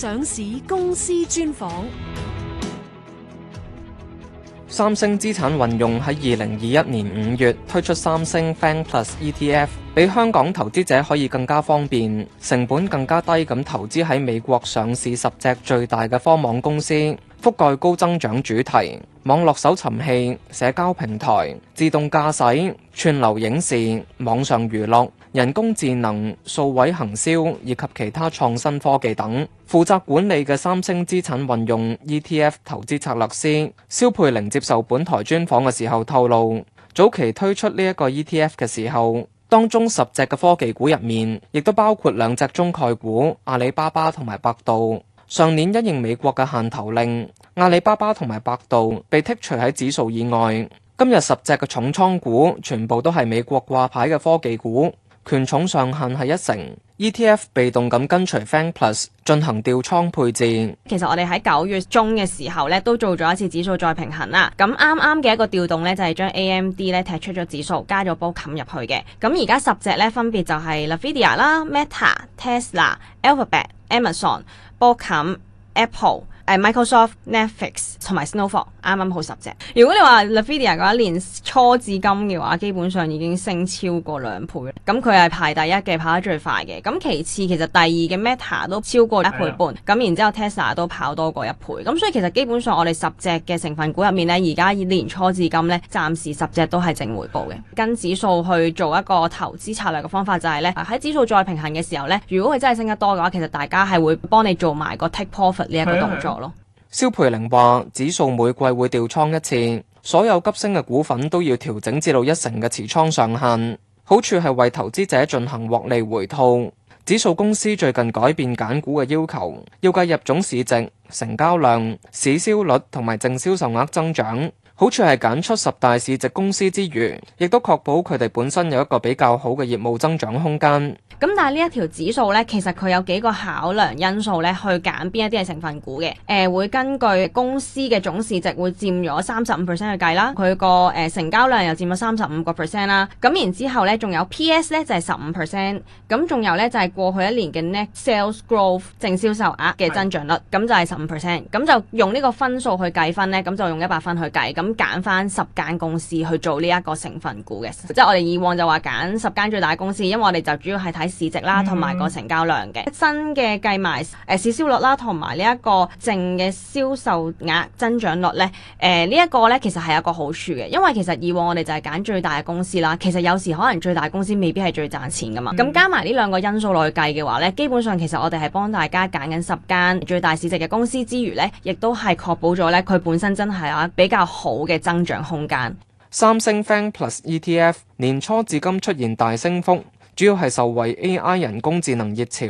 上市公司專訪。三星資產運用喺二零二一年五月推出三星 FANG+ ETF，俾香港投資者可以更加方便、成本更加低咁投資喺美國上市十隻最大嘅科網公司，覆蓋高增長主題：網絡搜尋器、社交平台、自動駕駛、串流影視、網上娛樂。人工智能、數位行銷以及其他創新科技等，負責管理嘅三星資產運用 ETF 投資策略師蕭佩鈴接受本台專訪嘅時候透露，早期推出呢一個 ETF 嘅時候，當中十隻嘅科技股入面，亦都包括兩隻中概股阿里巴巴同埋百度。上年因應美國嘅限投令，阿里巴巴同埋百度被剔除喺指數以外。今日十隻嘅重倉股全部都係美國掛牌嘅科技股。權重上限係一成，ETF 被動咁跟隨 FANG+ 進行調倉配置。其實我哋喺九月中嘅時候咧，都做咗一次指數再平衡啦。咁啱啱嘅一個調動咧，就係、是、將 AMD 咧踢出咗指數，加咗波冚入去嘅。咁而家十隻咧分別就係 Nvidia 啦、Meta、Tesla、Alphabet、Amazon、波冚、Apple。Microsoft、Netflix 同埋 Snowfall 啱啱好十隻。如果你話 Nvidia 嘅話，年初至今嘅話，基本上已經升超過兩倍。咁佢係排第一嘅，跑得最快嘅。咁其次其實第二嘅 Meta 都超過一倍半，咁 Yeah. 然之後 Tesla 都跑多過一倍。咁所以其實基本上我哋十隻嘅成分股入面呢，而家年初至今呢，暫時十隻都係正回報嘅。跟指數去做一個投資策略嘅方法就係呢：喺指數再平衡嘅時候呢，如果佢真係升得多嘅話，其實大家係會幫你做埋個 take profit 呢一個動作。Yeah, yeah. 蕭佩鈴話：指數每季會調倉一次，所有急升嘅股份都要調整至到一成嘅持倉上限。好處係為投資者進行獲利回吐。指數公司最近改變揀股嘅要求，要計入總市值、成交量、市銷率同埋淨銷售額增長。好處係揀出十大市值公司之餘，亦都確保佢哋本身有一個比較好嘅業務增長空間。咁、嗯、但係呢一條指數呢，其實佢有幾個考量因素呢：去揀邊一啲嘅成分股嘅。誒、呃、會根據公司嘅總市值會佔咗三十五 percent 去計啦，佢個誒成交量又佔咗三十五個 percent 啦。咁然之後呢，仲有 P/S 呢，就係十五 percent，咁仲有呢，就係、是、過去一年嘅 net sales growth 淨銷售額嘅增長率，咁是就係十五 percent。咁就用呢個分數去計分呢，咁就用一百分去計咁。揀翻十間公司去做呢一個成分股嘅，即係我哋以往就話揀十間最大公司，因為我哋就主要係睇市值啦，同埋個成交量嘅。新嘅計埋誒市銷率啦，同埋呢一個淨嘅銷售額增長率呢，誒呢一個呢其實係有一個好處嘅，因為其實以往我哋就係揀最大嘅公司啦，其實有時可能最大公司未必係最賺錢噶嘛。咁、嗯、加埋呢兩個因素落去計嘅話呢，基本上其實我哋係幫大家揀緊十間最大市值嘅公司之餘呢，亦都係確保咗呢佢本身真係啊比較好。嘅增長空間，三星 FANG Plus ETF 年初至今出現大升幅，主要係受惠 AI 人工智能熱潮。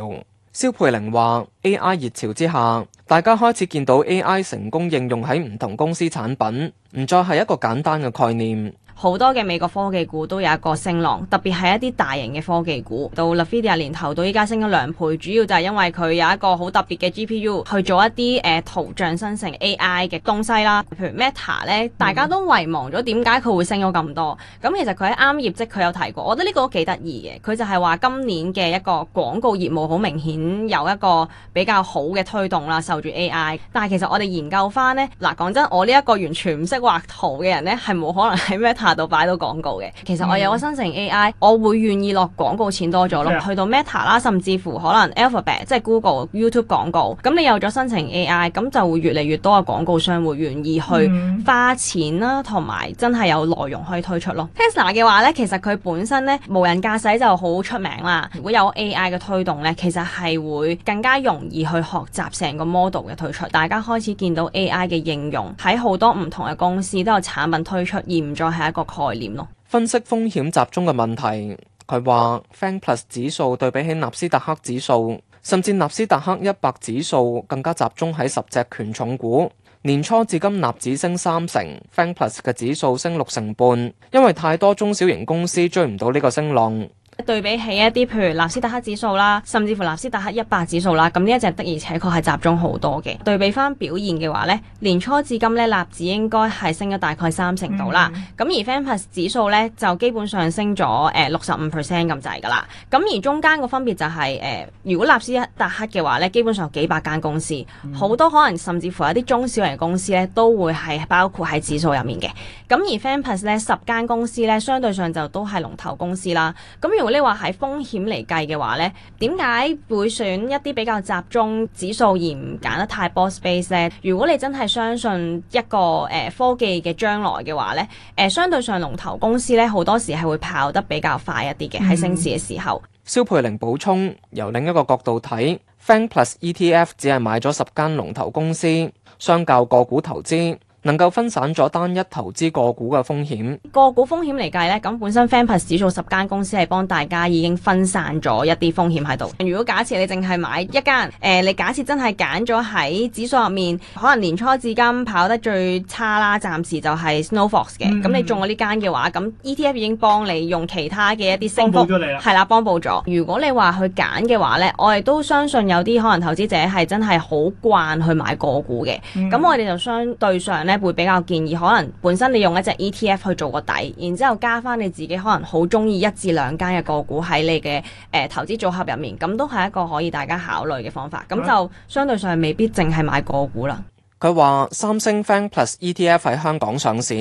蕭佩鈴話。A.I. 熱潮之下，大家開始見到 A.I. 成功應用喺唔同公司產品，唔再係一個簡單嘅概念。好多嘅美國科技股都有一個升浪，特別係一啲大型嘅科技股，到 Nvidia 年頭到依家升咗兩倍，主要就係因為佢有一個好特別嘅 G.P.U. 去做一啲誒、呃、圖像生成 A.I. 嘅東西啦。譬如 Meta 咧，大家都遺忘咗點解佢會升咗咁多。咁其實佢喺啱啱業績，佢有提過，我覺得呢個都幾得意嘅。佢就係話今年嘅一個廣告業務好明顯有一個，比較好嘅推動啦，受住 AI。但係其實我哋研究翻呢，嗱講真，我呢一個完全唔識畫圖嘅人呢，係冇可能喺 Meta 度擺到廣告嘅。其實我有個生成 AI，、嗯、我會願意落廣告錢多咗咯，嗯、去到 Meta 啦，甚至乎可能 Alphabet 即係 Google、YouTube 廣告。咁你有咗生成 AI，咁就會越嚟越多嘅廣告商會願意去花錢啦，同埋、嗯、真係有內容可以推出咯。嗯、Tesla 嘅話呢，其實佢本身呢，無人駕駛就好出名啦，如果有 AI 嘅推動呢，其實係會更加容。而去學習成個 model 嘅推出，大家開始見到 AI 嘅應用喺好多唔同嘅公司都有產品推出，而唔再係一個概念咯。分析風險集中嘅問題，佢話 FANG+ 指數對比起納斯達克指數，甚至納斯達克一百指數更加集中喺十隻權重股。年初至今，納指升三成，FANG+ 嘅指數升六成半，因為太多中小型公司追唔到呢個升浪。對比起一啲譬如納斯達克指數啦，甚至乎納斯達克一百指數啦，咁呢一隻的而且確係集中好多嘅。對比翻表現嘅話呢，年初至今呢，納指應該係升咗大概三成度啦。咁、嗯嗯、而 FANG+ 指數呢，就基本上升咗誒六十五 percent 咁滯㗎啦。咁、呃、而中間個分別就係、是、誒、呃，如果納斯達克嘅話呢，基本上有幾百間公司，好、嗯嗯、多可能甚至乎有啲中小型公司呢，都會係包括喺指數入面嘅。咁而 FANG+ 呢，十間公司呢，相對上就都係龍頭公司啦。咁如果呢，話喺風險嚟計嘅話咧，點解會選一啲比較集中指數而唔揀得太波 space 咧？如果你真係相信一個誒、呃、科技嘅將來嘅話咧，誒、呃、相對上龍頭公司咧，好多時係會跑得比較快一啲嘅，喺升市嘅時候。嗯、蕭佩鈴補充，由另一個角度睇，FANG Plus ETF 只係買咗十間龍頭公司，相較個股投資。能夠分散咗單一投資個股嘅風險。個股風險嚟計呢，咁本身 FANG+ 指數十間公司係幫大家已經分散咗一啲風險喺度。如果假設你淨係買一間，誒、呃，你假設真係揀咗喺指數入面，可能年初至今跑得最差啦，暫時就係 SnowFox 嘅。咁、嗯、你中咗呢間嘅話，咁 ETF 已經幫你用其他嘅一啲升幅，係啦，幫補咗。如果你話去揀嘅話呢，我哋都相信有啲可能投資者係真係好慣去買個股嘅。咁、嗯、我哋就相對上會比較建議，可能本身你用一隻 ETF 去做個底，然之後加返你自己可能好中意一至兩間嘅個股喺你嘅誒、呃、投資組合入面，咁都係一個可以大家考慮嘅方法。咁就相對上未必淨係買個股啦。佢話、嗯、三星 FANG Plus ETF 喺香港上市，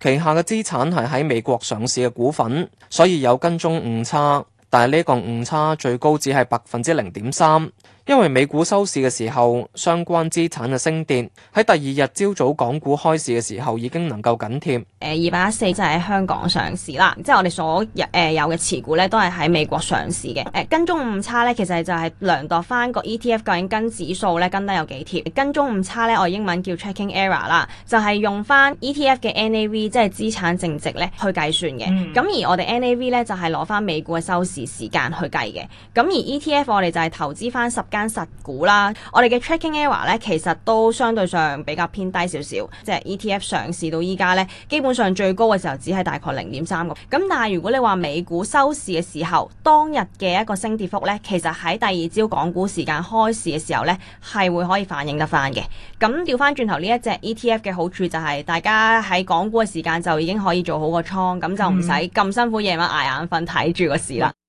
旗下嘅資產係喺美國上市嘅股份，所以有跟蹤誤差，但係呢個誤差最高只係百分之零點三。因為美股收市嘅時候，相關資產嘅升跌喺第二日朝早港股開市嘅時候已經能夠緊貼。誒、呃，二八一四就喺香港上市啦，即、就、係、是、我哋所誒有嘅、呃、持股咧都係喺美國上市嘅。誒、呃，跟蹤誤差咧其實就係量度翻個 ETF 究竟跟指數咧跟得有幾貼。跟蹤誤差咧我英文叫 tracking error 啦，就係用翻 ETF 嘅 NAV 即係資產淨值咧去計算嘅。咁、嗯、而我哋 NAV 咧就係攞翻美股嘅收市時間去計嘅。咁而 ETF 我哋就係投資翻十。間實股啦，我哋嘅 tracking error 咧，其實都相對上比較偏低少少。即係 ETF 上市到依家咧，基本上最高嘅時候只係大概零點三個。咁但係如果你話美股收市嘅時候，當日嘅一個升跌幅咧，其實喺第二朝港股時間開市嘅時候咧，係會可以反映得翻嘅。咁調翻轉頭呢一隻 ETF 嘅好處就係、是，大家喺港股嘅時間就已經可以做好個倉，咁就唔使咁辛苦夜晚捱眼瞓睇住個市啦。嗯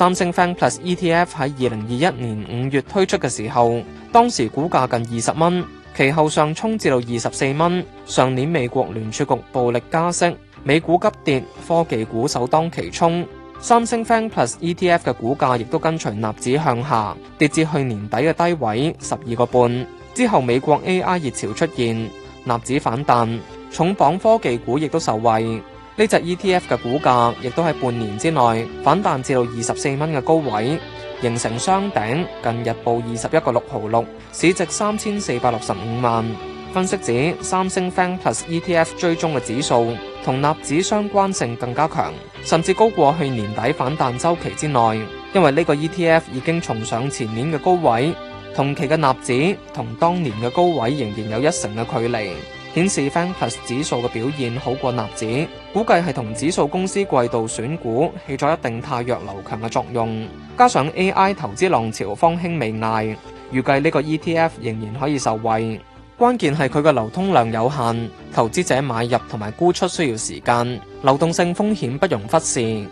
三星 FANG+ ETF 喺二零二一年五月推出嘅時候，當時股價近二十蚊，其後上衝至到二十四蚊。上年美國聯儲局暴力加息，美股急跌，科技股首當其衝，三星 FANG+ ETF 嘅股價亦都跟隨納指向下跌至去年底嘅低位十二個半。之後美國 AI 熱潮出現，納指反彈，重磅科技股亦都受惠。呢隻 ETF 嘅股價亦都喺半年之內反彈至到二十四蚊嘅高位，形成雙頂，近日報二十一個六毫六，市值三千四百六十五萬。分析指三星 FANG+ ETF 追蹤嘅指數同納指相關性更加強，甚至高過去年底反彈週期之內，因為呢個 ETF 已經重上前年嘅高位，同期嘅納指同當年嘅高位仍然有一成嘅距離。顯示 Fang Plus 指數嘅表現好過納指，估計係同指數公司季度選股起咗一定汰弱留強嘅作用。加上 AI 投資浪潮方興未艾，預計呢個 ETF 仍然可以受惠。關鍵係佢嘅流通量有限，投資者買入同埋沽出需要時間，流動性風險不容忽視。